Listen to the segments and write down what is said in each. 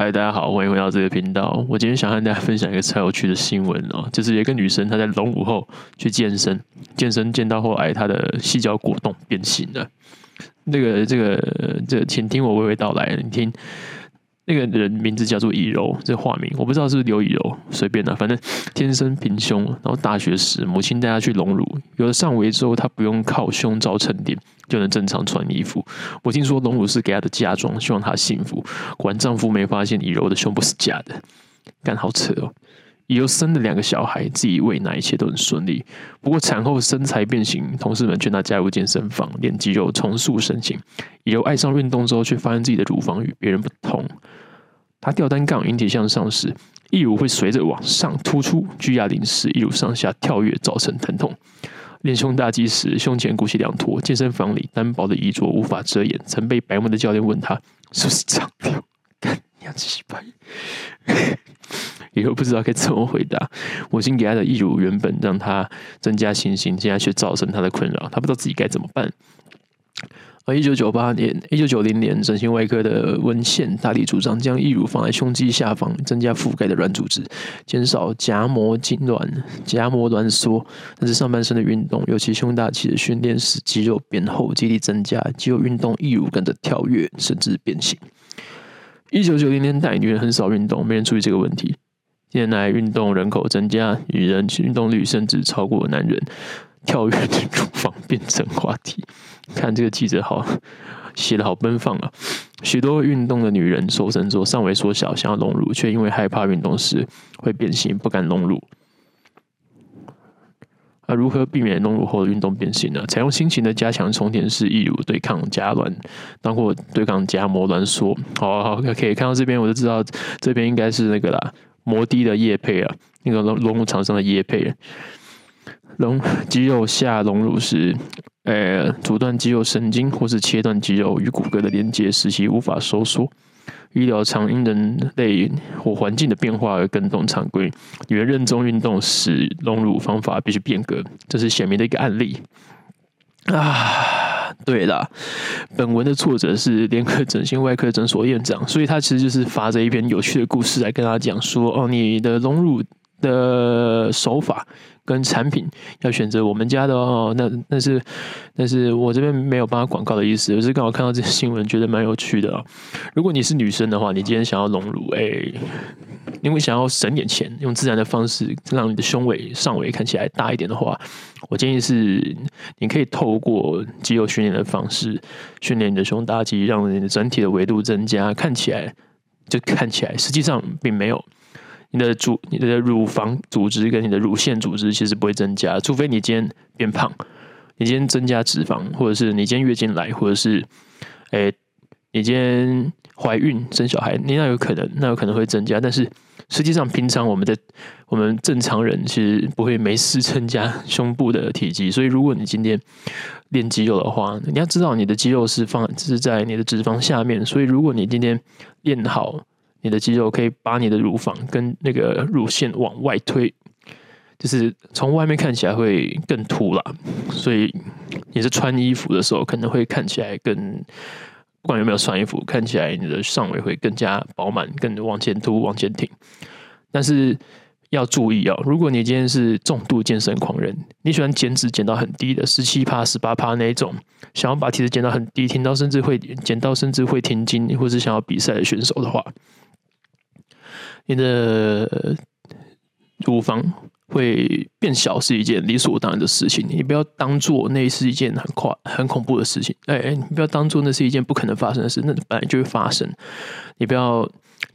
嗨，大家好，歡迎回到這個頻道。我今天想和大家分享一個超有趣的新聞哦，就是有一個女生她在隆乳後去健身，健身健到後來她的矽膠果凍變形了。那個，這個，這個，請聽我娓娓道來。你聽，那個人名字叫做以柔，這化名，我不知道是不是劉以柔，隨便的、啊，反正天生平胸，然後大學時母親帶她去隆乳，有了上圍之後，她不用靠胸罩襯墊。就能正常穿衣服。我聽說隆乳是給她的嫁妝，希望她幸福。果然丈夫沒發現以柔的胸部是假的，幹，好扯哦。以柔生了兩個小孩，自己餵奶，一切都很順利。不過產後身材變形，同事們勸她加入健身房練肌肉，重塑身形。以柔愛上運動之後，卻發現自己的乳房與別人不同。她吊單槓、引體向上時，一乳會隨着往上突出；舉啞鈴時，一乳上下跳躍造成疼痛。練胸大肌時，胸前鼓起兩坨。健身房裡，單薄的衣着無法遮掩。曾被白目的教練問他：“是不是長條？”看，娘子戲拍，以 後不知道該怎麼回答。我先給他的易乳原本，讓他增加信心，現在卻造成他的困擾。他不知道自己該怎麼辦。一九九八年，一九九零年，整形外科的文獻大力主張將義乳放在胸肌下方，增加覆蓋的軟組織，減少莢膜痙攣，莢膜攣縮。但是上半身的運動，尤其胸大肌的訓練，使肌肉變厚、肌力增加，肌肉運動，義乳跟着跳躍，甚至變形。一九九零年代，女人很少運動，沒人注意這個問題。近年來運動人口增加，女人運動率甚至超過男人。跳躍的乳房變成話題，看這個記者好寫的好奔放啊！許多運動的女人說：“瘦身之後上圍縮小，想要隆乳，卻因為害怕運動時會變形，不敢隆乳。啊，如何避免隆乳後的運動變形呢？採用新型的加強充填式義乳，一如對抗莢攣，包括對抗莢膜攣縮。好、啊，好，可、OK，以看到這邊，我就知道這邊應該是那個啦，摩迪的業配啊，那個隆隆乳廠商的業配、啊隆肌肉下隆乳時，呃，阻斷肌肉神經或是切斷肌肉與骨骼的連接，使其無法收縮。醫療常因人類或環境的變化而更動常規，因為認中運動使隆乳方法必須變革，這是顯明的一個案例啊。對了，本文的作者是聯合整形外科診所院長，所以他其實就是發着一篇有趣的故事來跟大家講說：哦，你的隆乳。的手法跟產品要選擇我們家的哦，那那是，但是我這邊沒有幫他廣告的意思，我、就是剛好看到這新聞，覺得蠻有趣的哦。如果你是女生的話，你今天想要隆乳，哎，因為想要省點錢，用自然的方式讓你的胸圍上圍看起來大一點的話，我建議是你可以透過肌肉訓練的方式訓練你的胸大肌，讓你的整體的維度增加，看起來就看起來，實際上並沒有。你的乳你的乳房組織跟你的乳腺組織其實不會增加，除非你今天變胖，你今天增加脂肪，或者是你今天月經來，或者是，哎、欸，你今天懷孕生小孩，你那有可能，那有可能會增加。但是實際上，平常我們的我們正常人其實不會沒事增加胸部的體積。所以，如果你今天練肌肉的話，你要知道你的肌肉是放是在你的脂肪下面。所以，如果你今天練好，你的肌肉可以把你的乳房跟那個乳腺往外推，就是從外面看起來會更凸啦。所以你是穿衣服的時候可能會看起來更，不管有沒有穿衣服，看起來你的上圍會更加飽滿，更往前凸、往前挺。但是要注意哦，如果你今天是重度健身狂人，你喜歡減脂減到很低的十七趴、十八趴那種，想要把體脂減到很低、減到甚至會減到甚至會停經，或是想要比賽的選手的話，你的乳房會變小是一件理所當然的事情，你不要當做那是一件很恐很恐怖的事情，哎。哎，你不要當做那是一件不可能發生的事，那本來就會發生。你不要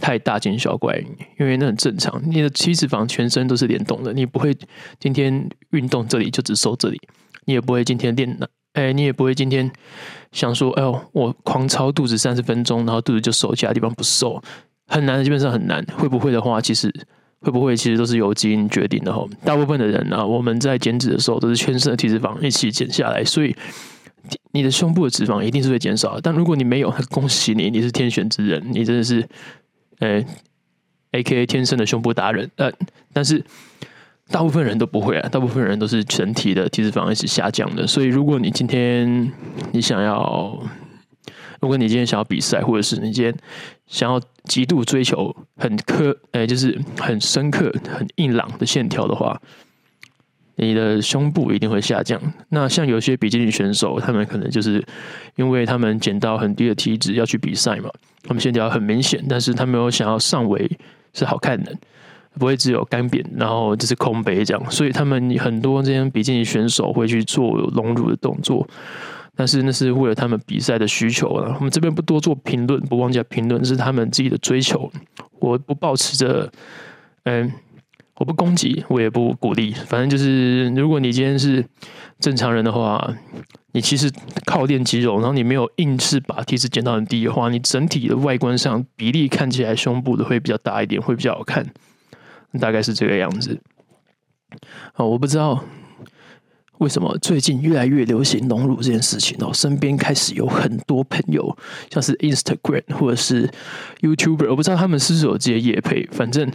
太大驚小怪，因為那很正常。你的七脂肪全身都是聯動的，你不會今天運動這裡就只瘦這裡，你也不會今天練，哎，你也不會今天想說，哎呦，我狂操肚子三十分鐘，然後肚子就瘦，其他地方不瘦。很難，基本上很難。會不會的話，其實會不會其實都是由基因決定的哈。大部分的人啊，我們在減脂的時候都是全身的體脂肪一起減下來，所以你的胸部的脂肪一定是會減少的。但如果你沒有，恭喜你，你是天選之人，你真的是誒、欸、AKA 天生的胸部達人。呃，但是大部分人都不會啊，大部分人都是整體的體脂肪一起下降的。所以如果你今天你想要。如果你今天想要比賽，或者是你今天想要極度追求很刻，誒、欸，就是很深刻、很硬朗的線條的話，你的胸部一定會下降。那像有些比基尼選手，他們可能就是因為他們減到很低的體脂要去比賽嘛，他們線條很明顯，但是他們有想要上圍是好看的，不會只有乾扁，然後就是空杯這樣。所以他們很多這些比基尼選手會去做隆乳的動作。但是那是為了他們比賽的需求啊，我們這邊不多做評論，不妄加評論，這是他們自己的追求。我不抱持着，嗯，我不攻擊，我也不鼓勵。反正就是，如果你今天是正常人的話，你其實靠練肌肉，然後你沒有硬是把體脂減到很低的話，你整體的外觀上比例看起來胸部的會比較大一點，會比較好看，大概是這個樣子。哦，我不知道。為什麼最近越來越流行隆乳這件事情哦？身邊開始有很多朋友，像是 Instagram 或者是 YouTuber，我不知道他們是不是有這些業配。反正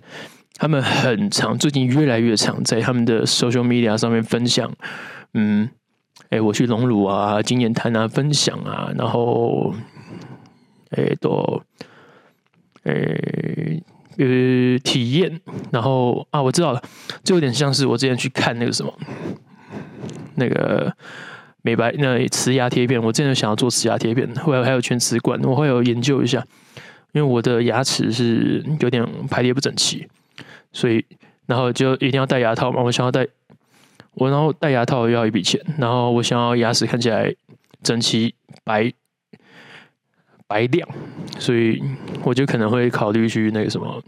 他們很常，最近越來越常在他們的 social media 上面分享。嗯，誒、欸，我去隆乳啊，經驗談啊，分享啊，然後，哎、欸，都，哎、欸，呃，體驗。然後啊，我知道了，就有點像是我之前去看那個什麼。那個美白那瓷牙貼片，我真的想要做瓷牙貼片，後來還有全瓷冠，我會有研究一下，因為我的牙齒是有點排列不整齊，所以然後就一定要戴牙套嘛。我想要戴，我然後戴牙套要一筆錢，然後我想要牙齒看起來整齊白白亮，所以我就可能會考慮去那個什麼，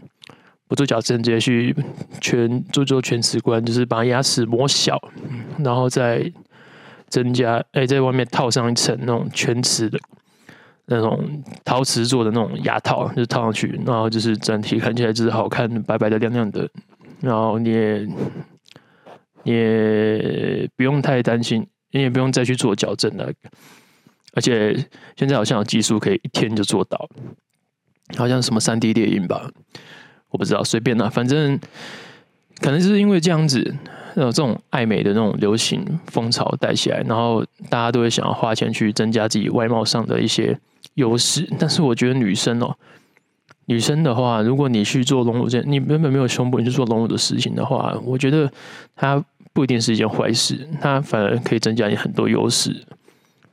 不做矯正直接去全做做全瓷冠，就是把牙齒磨小。然後再增加，哎、欸，在外面套上一層那種全瓷的那種陶瓷做的那種牙套，就是、套上去，然後就是整體看起來就是好看、白白的、亮亮的。然後你也，也不用太擔心，你也不用再去做矯正了。而且現在好像有技術可以一天就做到，好像什麼三 D 列印吧，我不知道，隨便啦。反正可能就是因為這樣子。呃這種愛美的那種流行風潮帶起來，然後大家都會想要花錢去增加自己外貌上的一些優勢。但是我覺得女生哦，女生的話，如果你去做隆乳，這你原本，本沒有胸部，你去做隆乳的事情的話，我覺得它不一定是一件壞事，它反而可以增加你很多優勢。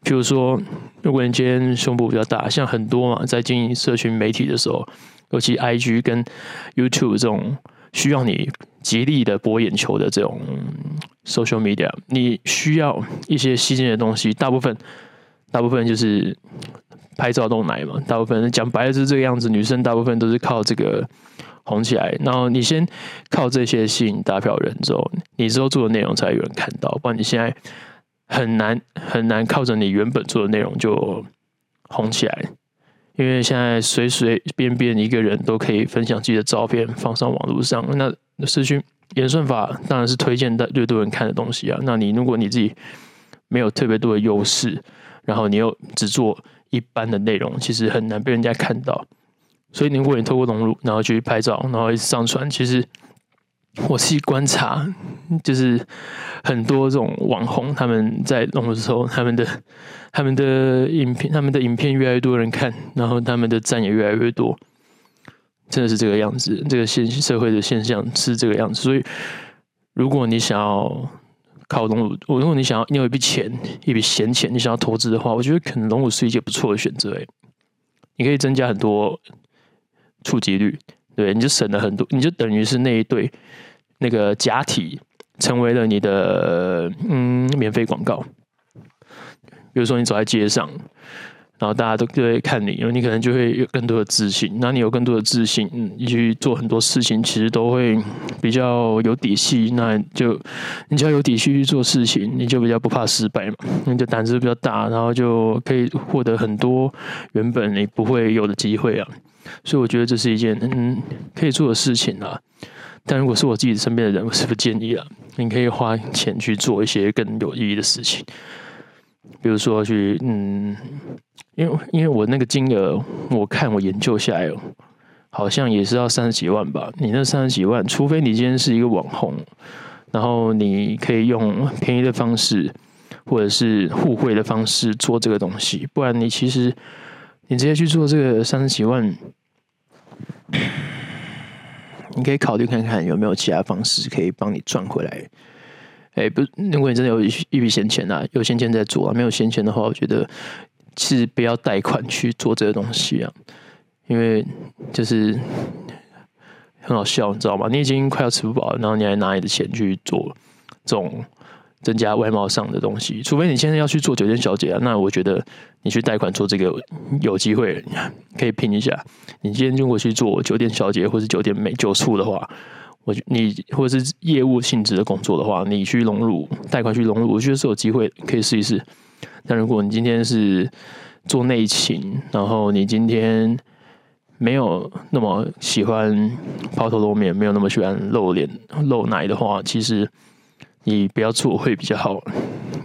比如說，如果你今天胸部比較大，像很多嘛，在經營社群媒體的時候，尤其 IG 跟 YouTube 這種需要你。極力的博眼球的這種 social media，你需要一些吸睛的東西，大部分大部分就是拍照弄來嘛，大部分講白了就是這個樣子。女生大部分都是靠這個紅起來，然後你先靠這些吸引大票人，之後你之後做的內容才有人看到。不然你現在很難很難靠着你原本做的內容就紅起來，因為現在隨隨便便一個人都可以分享自己的照片放上網絡上，那。社群演算法當然是推薦的越多人看的東西啊。那你如果你自己沒有特別多的優勢，然後你又只做一般的內容，其實很難被人家看到。所以如果你透過隆乳，然後去拍照，然後一直上傳，其實我自己觀察，就是很多這種網紅他們在隆乳的時候，他們的他們的影片，他們的影片越來越多人看，然後他們的讚也越來越多。真的是這個樣子，這個現社會的現象是這個樣子，所以如果你想要靠隆乳，我如果你想要你有一筆錢、一筆閒錢，你想要投資的話，我覺得可能隆乳是一個不錯的選擇。你可以增加很多觸及率，對，你就省了很多，你就等於是那一對那個假體成為了你的嗯免費廣告。比如說，你走在街上。然後大家都都會看你，因為你可能就會有更多的自信。那你有更多的自信，嗯，你去做很多事情，其實都會比較有底氣。那就你只要有底氣去做事情，你就比較不怕失敗嘛，你就膽子就比較大，然後就可以獲得很多原本你不會有的機會啊。所以我覺得這是一件嗯可以做的事情啊。但如果是我自己身邊的人，我是不建議了，啊。你可以花錢去做一些更有意義的事情，比如說去嗯。因為因為我那個金額，我看我研究下來哦，好像也是要三十幾萬吧。你那三十幾萬，除非你今天是一個網紅，然後你可以用便宜的方式，或者是互惠的方式做這個東西，不然你其實你直接去做這個三十幾萬，你可以考慮看看有沒有其他方式可以幫你賺回來。哎、欸，不，如果你真的有一筆閒錢啊，有閒錢再做啊；沒有閒錢的話，我覺得。是不要貸款去做這個東西啊，因為就是很好笑，你知道嗎？你已經快要吃不飽了，然後你還拿你的錢去做這種增加外貌上的東西。除非你現在要去做酒店小姐啊，那我覺得你去貸款做這個有機會可以拼一下。你今天如果去做酒店小姐或者是酒店美酒處的話，我你或者是業務性質的工作的話，你去融入貸款去融入，我覺得是有機會可以試一試。但如果你今天是做內勤，然後你今天沒有那麼喜歡拋頭露面，沒有那麼喜歡露臉露奶的話，其實你不要做會比較好。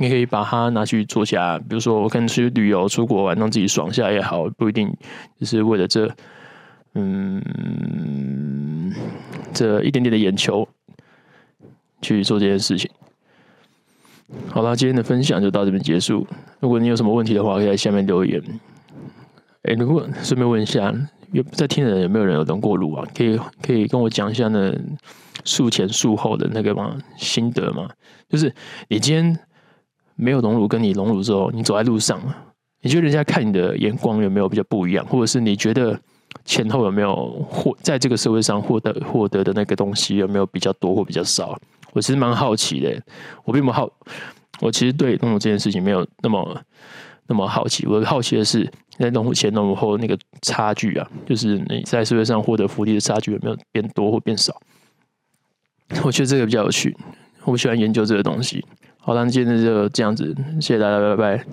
你可以把它拿去做下，比如說我跟去旅遊、出國玩，讓自己爽下也好，不一定就是為了這嗯這一點點的眼球去做這件事情。好啦，今天的分享就到這邊結束。如果你有什麼問題的話，可以在下面留言。誒、欸，如果順便問一下，有在聽的人有沒有人有隆過乳啊？可以可以跟我講一下那術前術後的那個嘛心得嘛？就是你今天沒有隆乳，跟你隆乳之後，你走在路上，你覺得人家看你的眼光有沒有比較不一樣？或者是你覺得前後有沒有獲在這個社會上獲得獲得的那個東西有沒有比較多或比較少？我其實蠻好奇的，我並沒有好，我其實對隆乳這件事情沒有那麼那麼好奇。我好奇的是，在隆乳前隆乳後那個差距啊，就是你在社會上獲得福利的差距有沒有變多或變少？我覺得這個比較有趣，我不喜歡研究這個東西。好，那今天就這樣子，謝謝大家，拜拜。拜拜。